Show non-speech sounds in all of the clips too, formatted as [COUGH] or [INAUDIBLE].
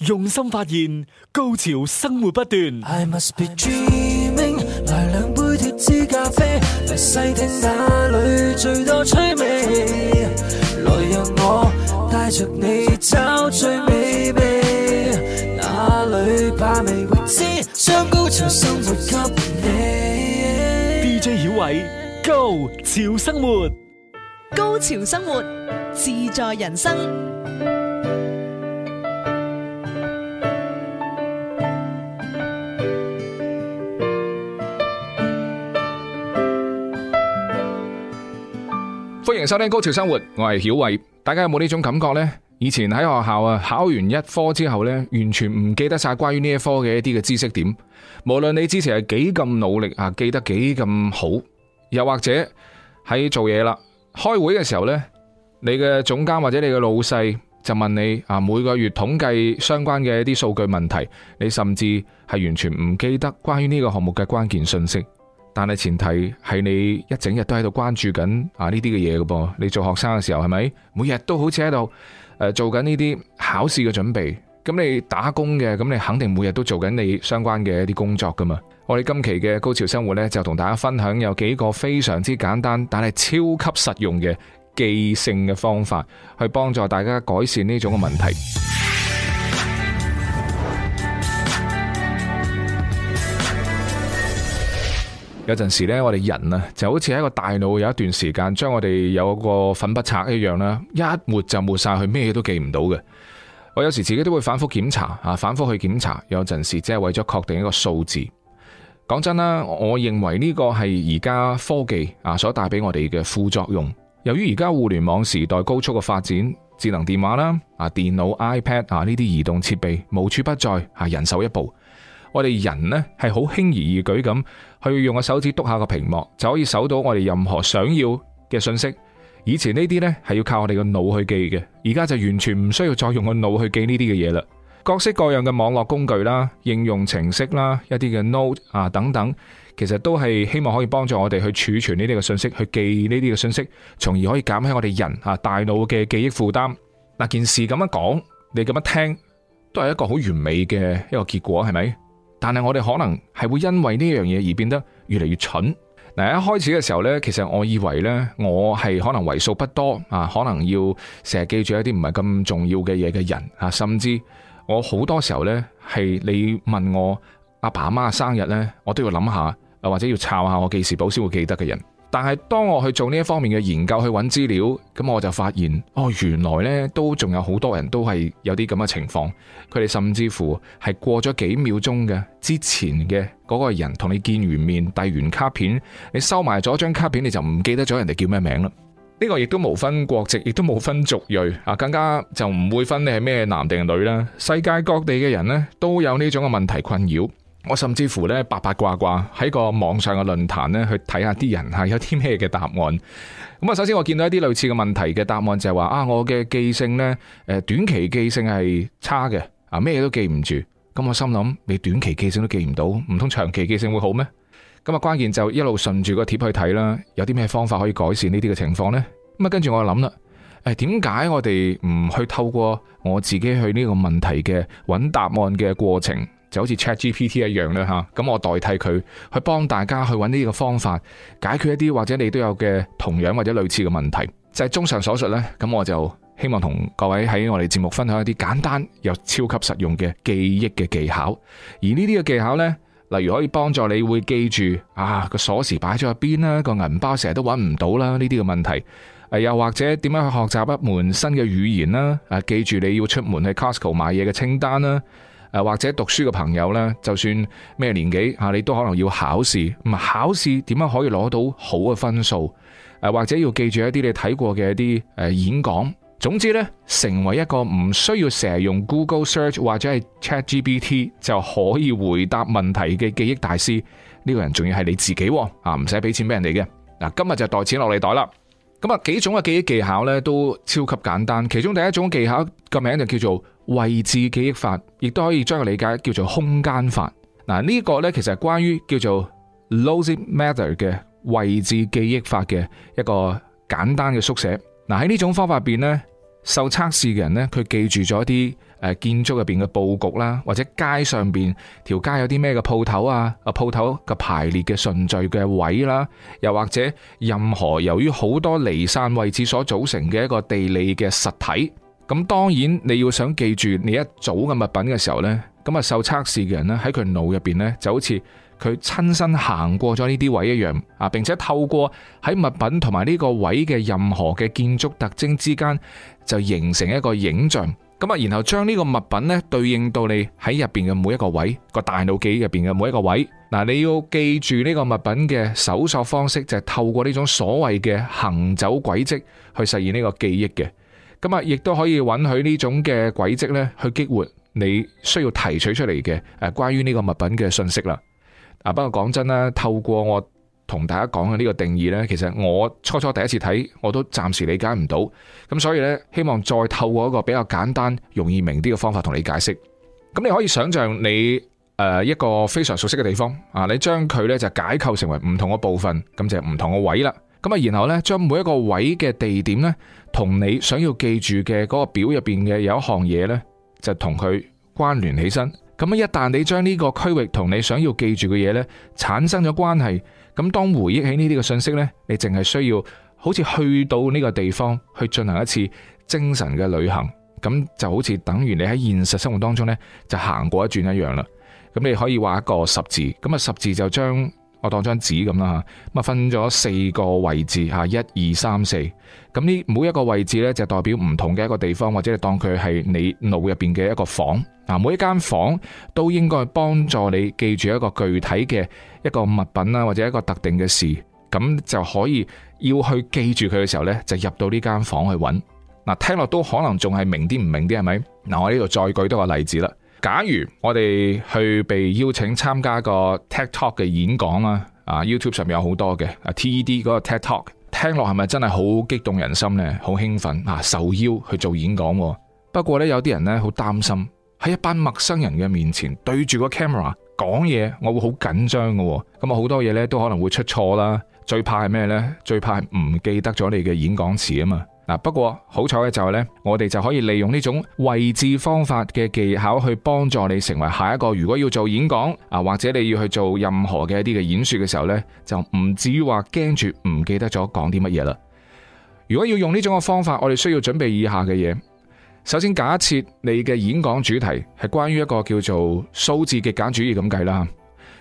用心發現高潮生活不斷。I must be dreaming，來兩杯脫脂咖啡，嚟細聽下裏最多趣味。來讓我帶着你找最美味，哪裏把味未知，將高潮生活給你。DJ 小偉，Go！潮生活，高潮生活自在人生。歡迎收聽《Go 潮生活》，我係曉慧。大家有冇呢種感覺呢？以前喺學校啊，考完一科之後咧，完全唔記得晒關於呢一科嘅一啲嘅知識點。無論你之前係幾咁努力啊，記得幾咁好，又或者喺做嘢啦，開會嘅時候呢，你嘅總監或者你嘅老細就問你啊，每個月統計相關嘅一啲數據問題，你甚至係完全唔記得關於呢個項目嘅關鍵信息。但係前提係你一整日都喺度關注緊啊呢啲嘅嘢噶噃。你做學生嘅時候係咪每日都好似喺度誒做緊呢啲考試嘅準備？咁你打工嘅，咁你肯定每日都做緊你相關嘅一啲工作噶嘛。我哋今期嘅 Go 潮生活呢，就同大家分享有幾個非常之簡單，但係超級實用嘅記性嘅方法，去幫助大家改善呢種嘅問題。有陣時咧，我哋人啊，就好似喺個大腦有一段時間，將我哋有個粉筆刷一樣啦，一抹就抹晒去，咩都記唔到嘅。我有時自己都會反覆檢查啊，反覆去檢查。有陣時只係為咗確定一個數字。講真啦，我認為呢個係而家科技啊所帶俾我哋嘅副作用。由於而家互聯網時代高速嘅發展，智能電話啦、啊電腦、iPad 啊呢啲移動設備無處不在，係人手一部。我哋人呢，係好輕而易舉咁去用個手指篤下個屏幕，就可以搜到我哋任何想要嘅信息。以前呢啲呢，係要靠我哋個腦去記嘅，而家就完全唔需要再用個腦去記呢啲嘅嘢啦。各式各樣嘅網絡工具啦、應用程式啦、一啲嘅 note 啊等等，其實都係希望可以幫助我哋去儲存呢啲嘅信息，去記呢啲嘅信息，從而可以減輕我哋人啊大腦嘅記憶負擔。嗱、啊，件事咁樣講，你咁樣聽，都係一個好完美嘅一個結果，係咪？但係我哋可能係會因為呢樣嘢而變得越嚟越蠢。嗱，一開始嘅時候呢，其實我以為呢，我係可能為數不多啊，可能要成日記住一啲唔係咁重要嘅嘢嘅人啊，甚至我好多時候呢，係你問我阿爸阿媽生日呢，我都要諗下，或者要抄下我記事簿先會記得嘅人。但係當我去做呢一方面嘅研究，去揾資料，咁我就發現哦，原來呢都仲有好多人都係有啲咁嘅情況，佢哋甚至乎係過咗幾秒鐘嘅之前嘅嗰個人同你見完面遞完卡片，你收埋咗張卡片，你就唔記得咗人哋叫咩名啦。呢 [MUSIC] 個亦都冇分國籍，亦都冇分族裔，啊，更加就唔會分你係咩男定女啦。世界各地嘅人呢，都有呢種嘅問題困擾。我甚至乎咧，八八卦卦喺個網上嘅論壇咧，去睇下啲人係有啲咩嘅答案。咁啊，首先我見到一啲類似嘅問題嘅答案就係話啊，我嘅記性呢，誒，短期記性係差嘅，啊，咩都記唔住。咁我心諗，你短期記性都記唔到，唔通長期記性會好咩？咁啊，關鍵就一路順住個貼去睇啦，有啲咩方法可以改善呢啲嘅情況呢？咁啊，跟住我又諗啦，誒，點解我哋唔去透過我自己去呢個問題嘅揾答案嘅過程？就好似 ChatGPT 一樣啦。吓、啊，咁我代替佢去幫大家去揾呢個方法，解決一啲或者你都有嘅同樣或者類似嘅問題。就係、是、綜上所述呢，咁我就希望同各位喺我哋節目分享一啲簡單又超級實用嘅記憶嘅技巧。而呢啲嘅技巧呢，例如可以幫助你會記住啊個鎖匙擺咗入邊啦，個銀包成日都揾唔到啦，呢啲嘅問題、啊。又或者點樣去學習一門新嘅語言啦？啊，記住你要出門去 Costco 買嘢嘅清單啦。誒，或者讀書嘅朋友呢，就算咩年紀吓，你都可能要考試。咁考試點樣可以攞到好嘅分數？誒，或者要記住一啲你睇過嘅一啲誒演講。總之呢，成為一個唔需要成日用 Google Search 或者係 ChatGPT 就可以回答問題嘅記憶大師，呢個人仲要係你自己，啊，唔使俾錢俾人哋嘅。嗱，今日就袋錢落你袋啦。咁啊，幾種嘅記憶技巧呢都超級簡單。其中第一種技巧個名就叫做。位置記憶法，亦都可以將佢理解叫做空間法。嗱，呢個呢，其實係關於叫做 Losing Matter 嘅位置記憶法嘅一個簡單嘅縮寫。嗱，喺呢種方法入邊呢，受測試嘅人呢，佢記住咗啲誒建築入邊嘅佈局啦，或者街上邊條街有啲咩嘅鋪頭啊，啊鋪頭嘅排列嘅順序嘅位啦，又或者任何由於好多離散位置所組成嘅一個地理嘅實體。咁當然你要想記住你一組嘅物品嘅時候呢，咁啊受測試嘅人呢，喺佢腦入邊呢，就好似佢親身行過咗呢啲位一樣啊，並且透過喺物品同埋呢個位嘅任何嘅建築特徵之間就形成一個影像，咁啊然後將呢個物品呢，對應到你喺入邊嘅每一個位，個大腦記憶入邊嘅每一個位。嗱你要記住呢個物品嘅搜索方式就係透過呢種所謂嘅行走軌跡去實現呢個記憶嘅。咁啊，亦都可以允許呢種嘅軌跡咧，去激活你需要提取出嚟嘅誒，關於呢個物品嘅信息啦。啊，不過講真啦，透過我同大家講嘅呢個定義呢，其實我初初第一次睇，我都暫時理解唔到。咁所以呢，希望再透過一個比較簡單、容易明啲嘅方法同你解釋。咁你可以想象你誒一個非常熟悉嘅地方啊，你將佢呢就解構成為唔同嘅部分，咁就唔同嘅位啦。咁啊，然後咧，將每一個位嘅地點咧，同你想要記住嘅嗰個表入邊嘅有一項嘢咧，就同佢關聯起身。咁啊，一旦你將呢個區域同你想要記住嘅嘢咧產生咗關係，咁當回憶起呢啲嘅信息咧，你淨係需要好似去到呢個地方去進行一次精神嘅旅行，咁就好似等於你喺現實生活當中咧就行過一轉一樣啦。咁你可以畫一個十字，咁啊十字就將。我當張紙咁啦，咁分咗四個位置吓，一二三四，咁呢每一個位置呢，就代表唔同嘅一個地方，或者係當佢係你腦入邊嘅一個房啊，每一間房都應該幫助你記住一個具體嘅一個物品啦，或者一個特定嘅事，咁就可以要去記住佢嘅時候呢，就入到呢間房去揾。嗱，聽落都可能仲係明啲唔明啲係咪？嗱，我呢度再舉多個例子啦。假如我哋去被邀請參加個 TED Talk 嘅演講啦啊 YouTube 上面有好多嘅，啊 TED 嗰個 TED Talk 聽落係咪真係好激動人心呢？好興奮啊！受邀去做演講，不過呢，有啲人呢好擔心喺一班陌生人嘅面前對住個 camera 講嘢，我會好緊張㗎，咁啊好多嘢呢都可能會出錯啦。最怕係咩呢？最怕係唔記得咗你嘅演講詞啊嘛。嗱，不過好彩嘅就係呢，我哋就可以利用呢種位置方法嘅技巧去幫助你成為下一個。如果要做演講啊，或者你要去做任何嘅一啲嘅演說嘅時候呢，就唔至於話驚住唔記得咗講啲乜嘢啦。如果要用呢種嘅方法，我哋需要準備以下嘅嘢。首先，假設你嘅演講主題係關於一個叫做數字極簡主義咁計啦。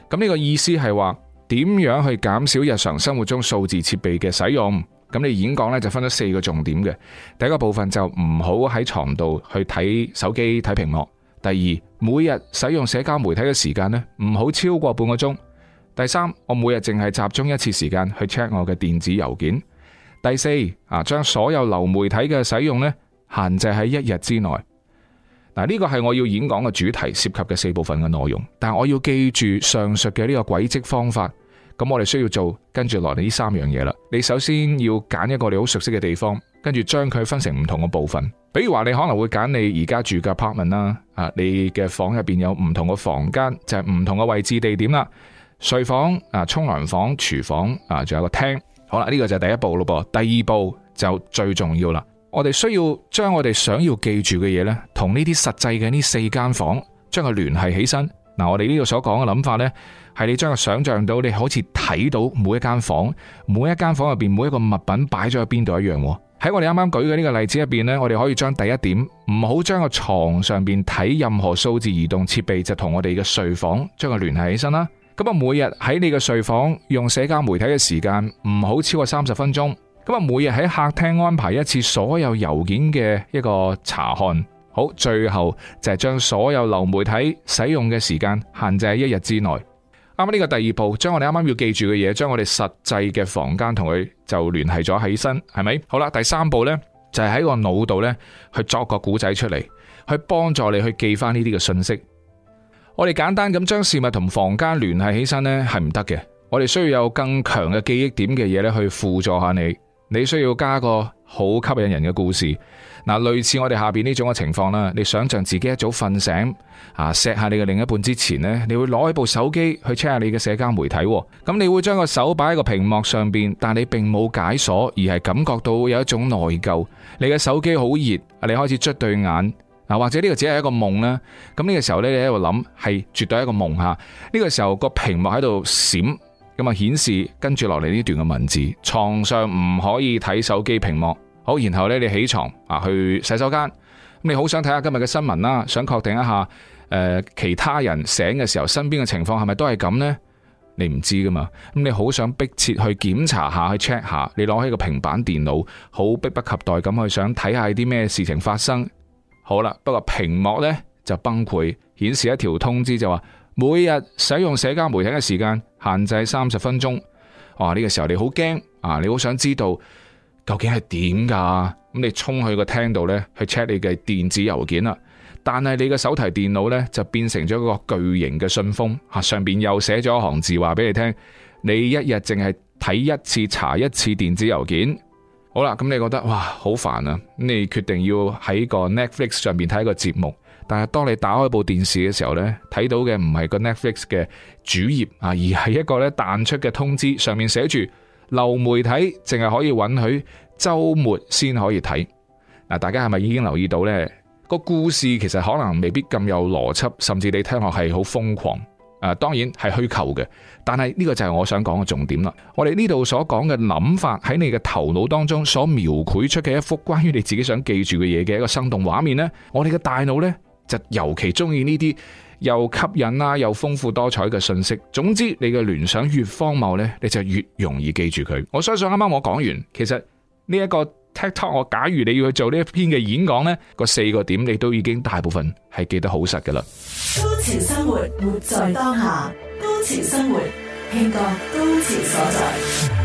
咁呢個意思係話點樣去減少日常生活中數字設備嘅使用。咁你演講咧就分咗四個重點嘅，第一個部分就唔好喺床度去睇手機睇屏幕。第二，每日使用社交媒體嘅時間呢，唔好超過半個鐘。第三，我每日淨係集中一次時間去 check 我嘅電子郵件。第四，啊，將所有流媒體嘅使用呢，限制喺一日之內。嗱，呢個係我要演講嘅主題涉及嘅四部分嘅內容，但我要記住上述嘅呢個軌跡方法。咁我哋需要做，跟住落嚟呢三樣嘢啦。你首先要揀一個你好熟悉嘅地方，跟住將佢分成唔同嘅部分。比如話你可能會揀你而家住嘅 apartment 啦，啊，你嘅房入邊有唔同嘅房間，就係唔同嘅位置地點啦。睡房啊，沖涼房、廚房啊，仲有個廳。好啦，呢個就係第一步咯噃。第二步就最重要啦。我哋需要將我哋想要記住嘅嘢呢，同呢啲實際嘅呢四間房將佢聯繫起身。嗱，我哋呢度所講嘅諗法呢。係你將佢想象到，你好似睇到每一間房，每一間房入邊每一個物品擺咗喺邊度一樣喎。喺我哋啱啱舉嘅呢個例子入邊呢，我哋可以將第一點唔好將個床上邊睇任何數字移動設備，就同我哋嘅睡房將佢聯繫起身啦。咁啊，每日喺你嘅睡房用社交媒體嘅時間唔好超過三十分鐘。咁啊，每日喺客廳安排一次所有郵件嘅一個查看。好，最後就係將所有流媒體使用嘅時間限制喺一日之內。啱啱呢個第二步，將我哋啱啱要記住嘅嘢，將我哋實際嘅房間同佢就聯繫咗起身，係咪？好啦，第三步呢，就係喺個腦度呢，去作個故仔出嚟，去幫助你去記翻呢啲嘅信息。我哋簡單咁將事物同房間聯繫起身呢，係唔得嘅，我哋需要有更強嘅記憶點嘅嘢呢，去輔助下你。你需要加個好吸引人嘅故事，嗱，類似我哋下邊呢種嘅情況啦。你想象自己一早瞓醒，啊，錫下你嘅另一半之前咧，你會攞起部手機去 check 下你嘅社交媒體，咁你會將個手擺喺個屏幕上邊，但你並冇解鎖，而係感覺到有一種內疚。你嘅手機好熱，你開始捽對眼，啊，或者呢個只係一個夢啦。咁呢個時候咧，你喺度諗係絕對一個夢吓。呢個時候個屏幕喺度閃。咁啊！顯示跟住落嚟呢段嘅文字，床上唔可以睇手機屏幕。好，然後咧，你起床啊，去洗手間。咁你好想睇下今日嘅新聞啦，想確定一下誒、呃，其他人醒嘅時候，身邊嘅情況係咪都係咁呢？你唔知噶嘛。咁你好想迫切去檢查下，去 check 下。你攞起個平板電腦，好迫不及待咁去想睇下啲咩事情發生。好啦，不過屏幕呢就崩潰，顯示一條通知就話。每日使用社交媒體嘅時間限制三十分鐘，啊呢個時候你好驚啊，你好想知道究竟係點噶？咁你衝去個廳度呢，去 check 你嘅電子郵件啦，但係你嘅手提電腦呢，就變成咗一個巨型嘅信封，吓上邊又寫咗一行字話俾你聽：你一日淨係睇一次、查一次電子郵件。好啦，咁你覺得哇好煩啊？你決定要喺個 Netflix 上邊睇一個節目。但係當你打開部電視嘅時候呢，睇到嘅唔係個 Netflix 嘅主頁啊，而係一個咧彈出嘅通知，上面寫住流媒體淨係可以允許周末先可以睇。嗱，大家係咪已經留意到呢、個故事其實可能未必咁有邏輯，甚至你聽落係好瘋狂。誒、啊，當然係虛構嘅，但係呢個就係我想講嘅重點啦。我哋呢度所講嘅諗法喺你嘅頭腦當中所描繪出嘅一幅關於你自己想記住嘅嘢嘅一個生動畫面呢，我哋嘅大腦呢。就尤其中意呢啲又吸引啦，又豐富多彩嘅信息。總之，你嘅聯想越荒謬呢，你就越容易記住佢。我相信啱啱我講完，其實呢一個 TikTok，我假如你要去做呢一篇嘅演講呢，嗰四個點你都已經大部分係記得好實噶啦。Go 潮生活，活在當下；Go 潮生活，慶個高潮所在。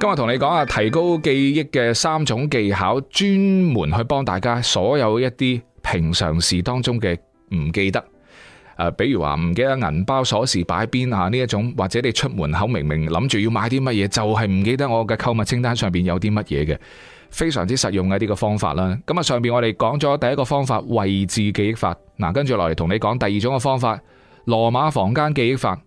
今日同你講下提高記憶嘅三種技巧，專門去幫大家所有一啲平常事當中嘅唔記得，呃，比如話唔記得銀包鎖匙擺邊啊呢一種，或者你出門口明明諗住要買啲乜嘢，就係唔記得我嘅購物清單上邊有啲乜嘢嘅，非常之實用嘅呢個方法啦。咁啊，上邊我哋講咗第一個方法位置記憶法，嗱，跟住落嚟同你講第二種嘅方法羅馬房間記憶法。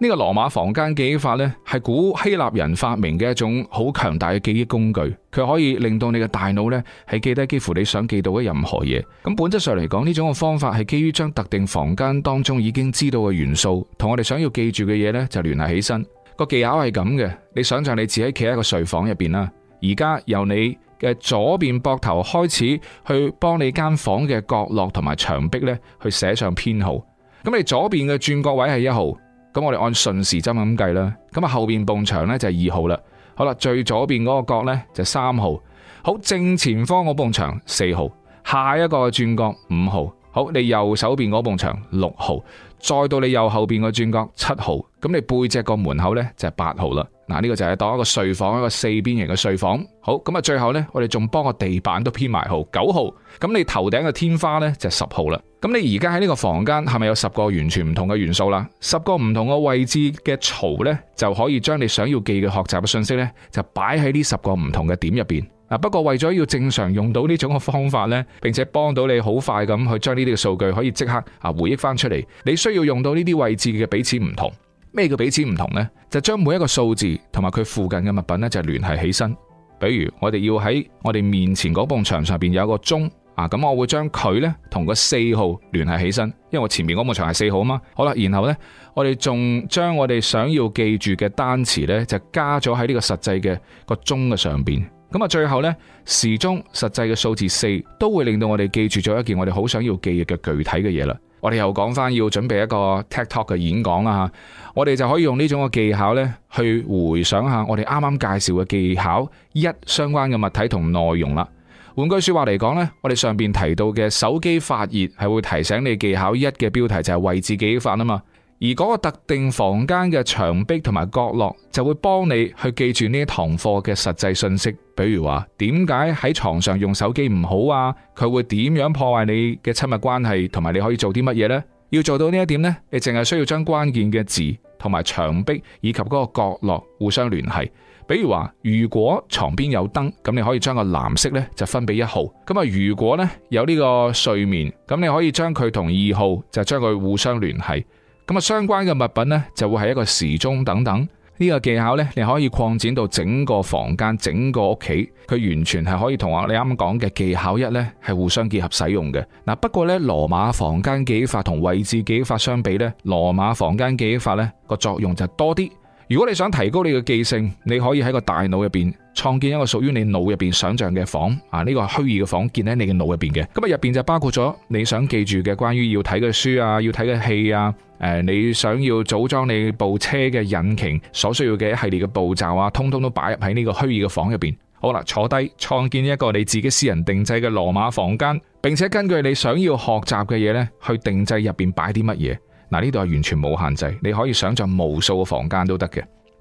呢個羅馬房間記憶法呢，係古希臘人發明嘅一種好強大嘅記憶工具。佢可以令到你嘅大腦呢，係記得幾乎你想記到嘅任何嘢。咁本質上嚟講，呢種嘅方法係基於將特定房間當中已經知道嘅元素，同我哋想要記住嘅嘢呢，就聯繫起身。個技巧係咁嘅。你想象你自己企喺個睡房入邊啦，而家由你嘅左邊膊頭開始去幫你間房嘅角落同埋牆壁呢，去寫上編號。咁你左邊嘅轉角位係一號。咁我哋按順時針咁計啦，咁啊後邊埲牆呢就係二號啦，好啦，最左邊嗰個角呢，就三號，好正前方嗰埲牆四號，下一個轉角五號，好你右手邊嗰埲牆六號，再到你右後邊個轉角七號，咁你背脊個門口呢，就係八號啦。嗱，呢個就係當一個睡房，一個四邊形嘅睡房。好，咁啊，最後呢，我哋仲幫個地板都編埋號，九號。咁你頭頂嘅天花呢，就十號啦。咁你而家喺呢個房間係咪有十個完全唔同嘅元素啦？十個唔同嘅位置嘅槽呢，就可以將你想要記嘅學習嘅信息呢，就擺喺呢十個唔同嘅點入邊。嗱，不過為咗要正常用到呢種嘅方法呢，並且幫到你好快咁去將呢啲嘅數據可以即刻啊回憶翻出嚟，你需要用到呢啲位置嘅彼此唔同。咩叫彼此唔同呢？就將每一個數字同埋佢附近嘅物品呢，就聯繫起身。比如我哋要喺我哋面前嗰埲牆上邊有一個鐘啊，咁我會將佢呢同個四號聯繫起身，因為我前面嗰埲牆係四號啊嘛。好啦，然後呢，我哋仲將我哋想要記住嘅單詞呢，就加咗喺呢個實際嘅個鐘嘅上邊。咁啊，最後呢，時鐘實際嘅數字四都會令到我哋記住咗一件我哋好想要記憶嘅具體嘅嘢啦。我哋又講翻要準備一個 TikTok 嘅演講啦吓，我哋就可以用呢種嘅技巧咧，去回想下我哋啱啱介紹嘅技巧一相關嘅物體同內容啦。換句說話嚟講呢，我哋上邊提到嘅手機發熱係會提醒你技巧一嘅標題就係位置記憶法啊嘛。而嗰個特定房間嘅牆壁同埋角落就會幫你去記住呢一堂課嘅實際信息，比如話點解喺床上用手機唔好啊？佢會點樣破壞你嘅親密關係，同埋你可以做啲乜嘢呢？要做到呢一點呢，你淨係需要將關鍵嘅字同埋牆壁以及嗰個角落互相聯繫。比如話，如果床邊有燈，咁你可以將個藍色呢就分俾一號。咁啊，如果呢有呢個睡眠，咁你可以將佢同二號就將佢互相聯繫。咁啊，相關嘅物品咧就會係一個時鐘等等。呢個技巧咧，你可以擴展到整個房間、整個屋企，佢完全係可以同我你啱講嘅技巧一咧係互相結合使用嘅。嗱，不過呢羅馬房間記憶法同位置記憶法相比呢羅馬房間記憶法咧個作用就多啲。如果你想提高你嘅記性，你可以喺個大腦入邊。創建一個屬於你腦入邊想象嘅房，啊，呢、這個係虛擬嘅房建喺你嘅腦入邊嘅，咁啊入邊就包括咗你想記住嘅關於要睇嘅書啊、要睇嘅戲啊、誒、呃，你想要組裝你部車嘅引擎所需要嘅一系列嘅步驟啊，通通都擺入喺呢個虛擬嘅房入邊。好啦，坐低創建一個你自己私人定制嘅羅馬房間，並且根據你想要學習嘅嘢咧，去定製入邊擺啲乜嘢。嗱、啊，呢度係完全冇限制，你可以想象無數個房間都得嘅。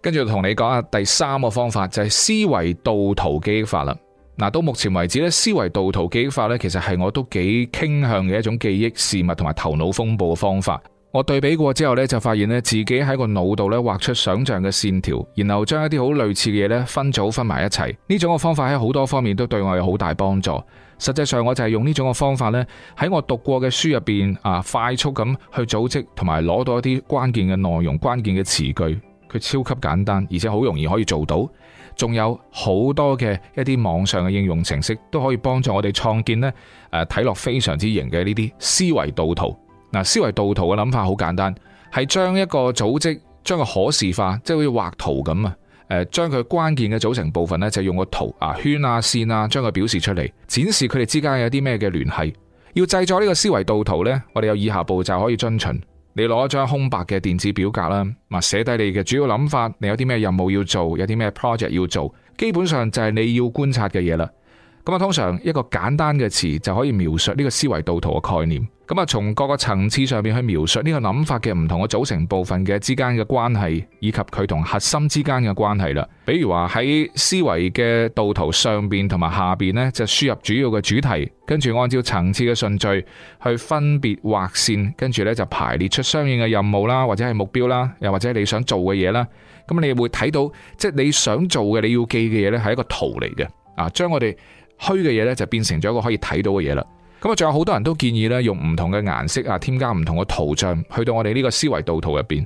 跟住同你講下第三個方法就係思維導圖記憶法啦。嗱，到目前為止咧，思維導圖記憶法咧，其實係我都幾傾向嘅一種記憶事物同埋頭腦風暴嘅方法。我對比過之後咧，就發現咧自己喺個腦度咧畫出想象嘅線條，然後將一啲好類似嘅嘢咧分組分埋一齊。呢種嘅方法喺好多方面都對我有好大幫助。實際上，我就係用呢種嘅方法咧喺我讀過嘅書入邊啊，快速咁去組織同埋攞到一啲關鍵嘅內容、關鍵嘅詞句。佢超級簡單，而且好容易可以做到。仲有好多嘅一啲網上嘅應用程式，都可以幫助我哋創建呢誒，睇、呃、落非常之型嘅呢啲思維導圖。嗱、呃，思維導圖嘅諗法好簡單，係將一個組織將佢可視化，即係好似畫圖咁啊。誒、呃，將佢關鍵嘅組成部分呢，就是、用個圖啊圈啊線啊，將佢表示出嚟，展示佢哋之間有啲咩嘅聯繫。要製作呢個思維導圖呢，我哋有以下步驟可以遵循。你攞一張空白嘅電子表格啦，嗱，寫低你嘅主要諗法，你有啲咩任務要做，有啲咩 project 要做，基本上就係你要觀察嘅嘢啦。咁啊，通常一個簡單嘅詞就可以描述呢個思維導圖嘅概念。咁啊，從各個層次上面去描述呢個諗法嘅唔同嘅組成部分嘅之間嘅關係，以及佢同核心之間嘅關係啦。比如話喺思維嘅導圖上邊同埋下邊呢，就輸入主要嘅主題，跟住按照層次嘅順序去分別畫線，跟住呢，就排列出相應嘅任務啦，或者係目標啦，又或者你想做嘅嘢啦。咁你會睇到，即係你想做嘅，你要記嘅嘢呢，係一個圖嚟嘅。啊，將我哋。虛嘅嘢咧，就變成咗一個可以睇到嘅嘢啦。咁啊，仲有好多人都建議咧，用唔同嘅顏色啊，添加唔同嘅圖像去到我哋呢個思維導圖入邊。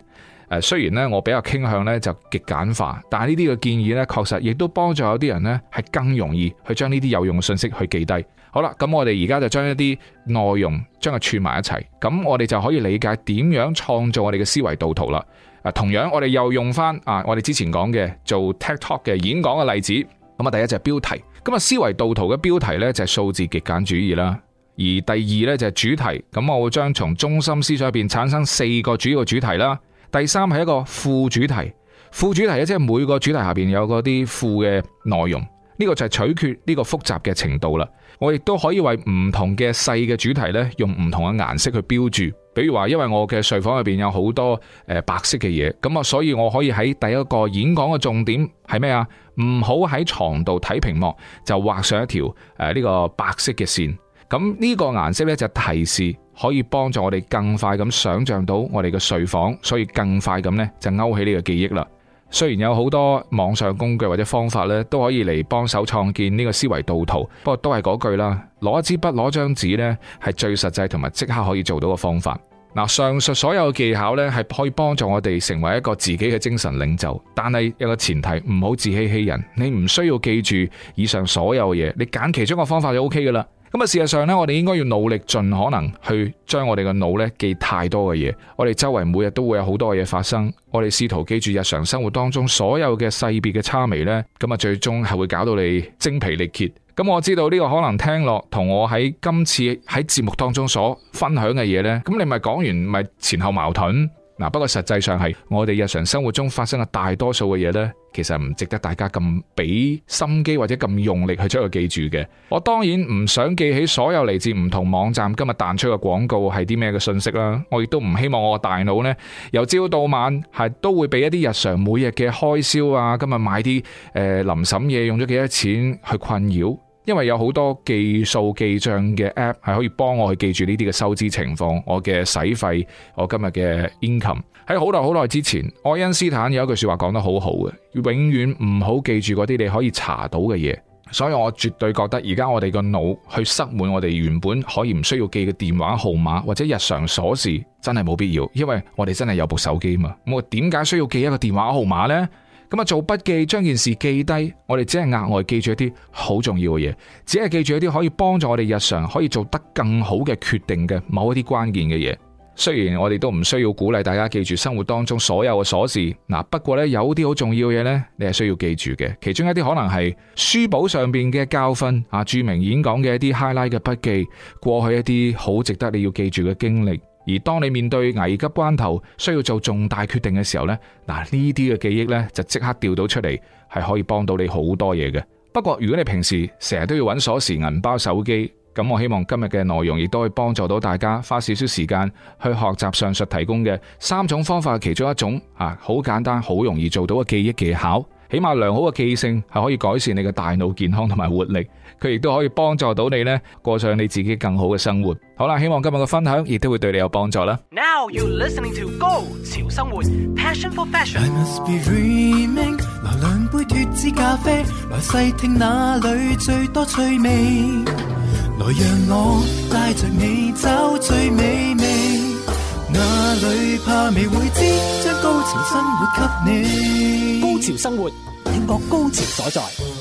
誒，雖然咧我比較傾向咧就極簡化，但係呢啲嘅建議咧確實亦都幫助有啲人咧係更容易去將呢啲有用嘅信息去記低。好啦，咁我哋而家就將一啲內容將佢串埋一齊，咁我哋就可以理解點樣創造我哋嘅思維導圖啦。啊，同樣我哋又用翻啊，我哋之前講嘅做 TikTok 嘅演講嘅例子，咁啊，第一就係標題。咁啊，思維導圖嘅標題呢就係數字極簡主義啦，而第二呢就係主題，咁我會將從中心思想入邊產生四個主要嘅主題啦。第三係一個副主題，副主題啊即係每個主題下邊有嗰啲副嘅內容，呢個就係取決呢個複雜嘅程度啦。我亦都可以為唔同嘅細嘅主題咧，用唔同嘅顏色去標注。比如話，因為我嘅睡房入邊有好多誒白色嘅嘢，咁啊，所以我可以喺第一個演講嘅重點係咩啊？唔好喺床度睇屏幕，就畫上一條誒呢個白色嘅綫。咁呢個顏色呢，就提示，可以幫助我哋更快咁想象到我哋嘅睡房，所以更快咁呢，就勾起呢個記憶啦。雖然有好多網上工具或者方法咧，都可以嚟幫手創建呢個思維導圖，不過都係嗰句啦，攞一支筆攞張紙呢係最實際同埋即刻可以做到嘅方法。嗱，上述所有技巧呢，係可以幫助我哋成為一個自己嘅精神領袖，但係有個前提，唔好自欺欺人。你唔需要記住以上所有嘢，你揀其中一個方法就 OK 噶啦。咁啊，事實上咧，我哋應該要努力，盡可能去將我哋嘅腦咧記太多嘅嘢。我哋周圍每日都會有好多嘅嘢發生，我哋試圖記住日常生活當中所有嘅細別嘅差微咧，咁啊，最終係會搞到你精疲力竭。咁我知道呢個可能聽落同我喺今次喺節目當中所分享嘅嘢咧，咁你咪講完咪前後矛盾。嗱，不過實際上係我哋日常生活中發生嘅大多數嘅嘢呢，其實唔值得大家咁俾心機或者咁用力去將佢記住嘅。我當然唔想記起所有嚟自唔同網站今日彈出嘅廣告係啲咩嘅信息啦。我亦都唔希望我個大腦呢，由朝到晚係都會俾一啲日常每日嘅開銷啊，今日買啲誒臨審嘢用咗幾多錢去困擾。因為有好多記數記賬嘅 app 係可以幫我去記住呢啲嘅收支情況，我嘅使費，我今日嘅 income。喺好耐好耐之前，愛因斯坦有一句話說話講得好好嘅，永遠唔好記住嗰啲你可以查到嘅嘢。所以我絕對覺得而家我哋個腦去塞滿我哋原本可以唔需要記嘅電話號碼或者日常鎖匙，真係冇必要，因為我哋真係有部手機嘛。我啊，點解需要記一個電話號碼呢？咁啊，做筆記，將件事記低。我哋只係額外記住一啲好重要嘅嘢，只係記住一啲可以幫助我哋日常可以做得更好嘅決定嘅某一啲關鍵嘅嘢。雖然我哋都唔需要鼓勵大家記住生活當中所有嘅瑣事，嗱，不過呢，有啲好重要嘅嘢呢，你係需要記住嘅。其中一啲可能係書本上邊嘅教訓，啊，著名演講嘅一啲 highlight 嘅筆記，過去一啲好值得你要記住嘅經歷。而當你面對危急關頭需要做重大決定嘅時候咧，嗱呢啲嘅記憶呢，就即刻調到出嚟，係可以幫到你好多嘢嘅。不過如果你平時成日都要揾鎖匙、銀包、手機，咁我希望今日嘅內容亦都可以幫助到大家，花少少時間去學習上述提供嘅三種方法其中一種啊，好簡單、好容易做到嘅記憶技巧，起碼良好嘅記性係可以改善你嘅大腦健康同埋活力。佢亦都可以幫助到你呢，過上你自己更好嘅生活。好啦，希望今日嘅分享亦都會對你有幫助啦。Now you listening to Go 潮生活，Passion for fashion。I must be dreaming。來兩杯脫脂咖啡，來細聽哪裏最多趣味。來讓我帶着你找最美味，哪裏怕未會知，將 Go 潮生活給你。Go 潮生活，聽我高潮所在。